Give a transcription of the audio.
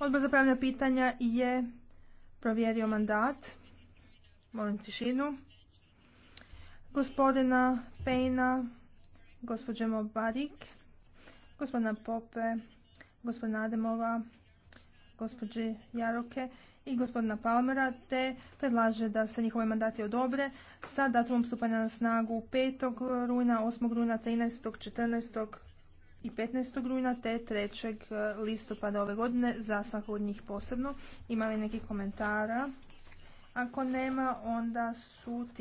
Odbor za pravna pitanja je provjerio mandat. Molim tišinu. Gospodina Pejna, gospođe Mobarik, gospodina Pope, gospodina Ademova, gospođe Jaroke i gospodina Palmera, te predlaže da se njihovi mandati odobre sa datumom stupanja na snagu 5. rujna, 8. rujna, 13. 14 i 15. rujna te 3. Eh, listopada ove godine za svakog od njih posebno. Imali nekih komentara? Ako nema, onda su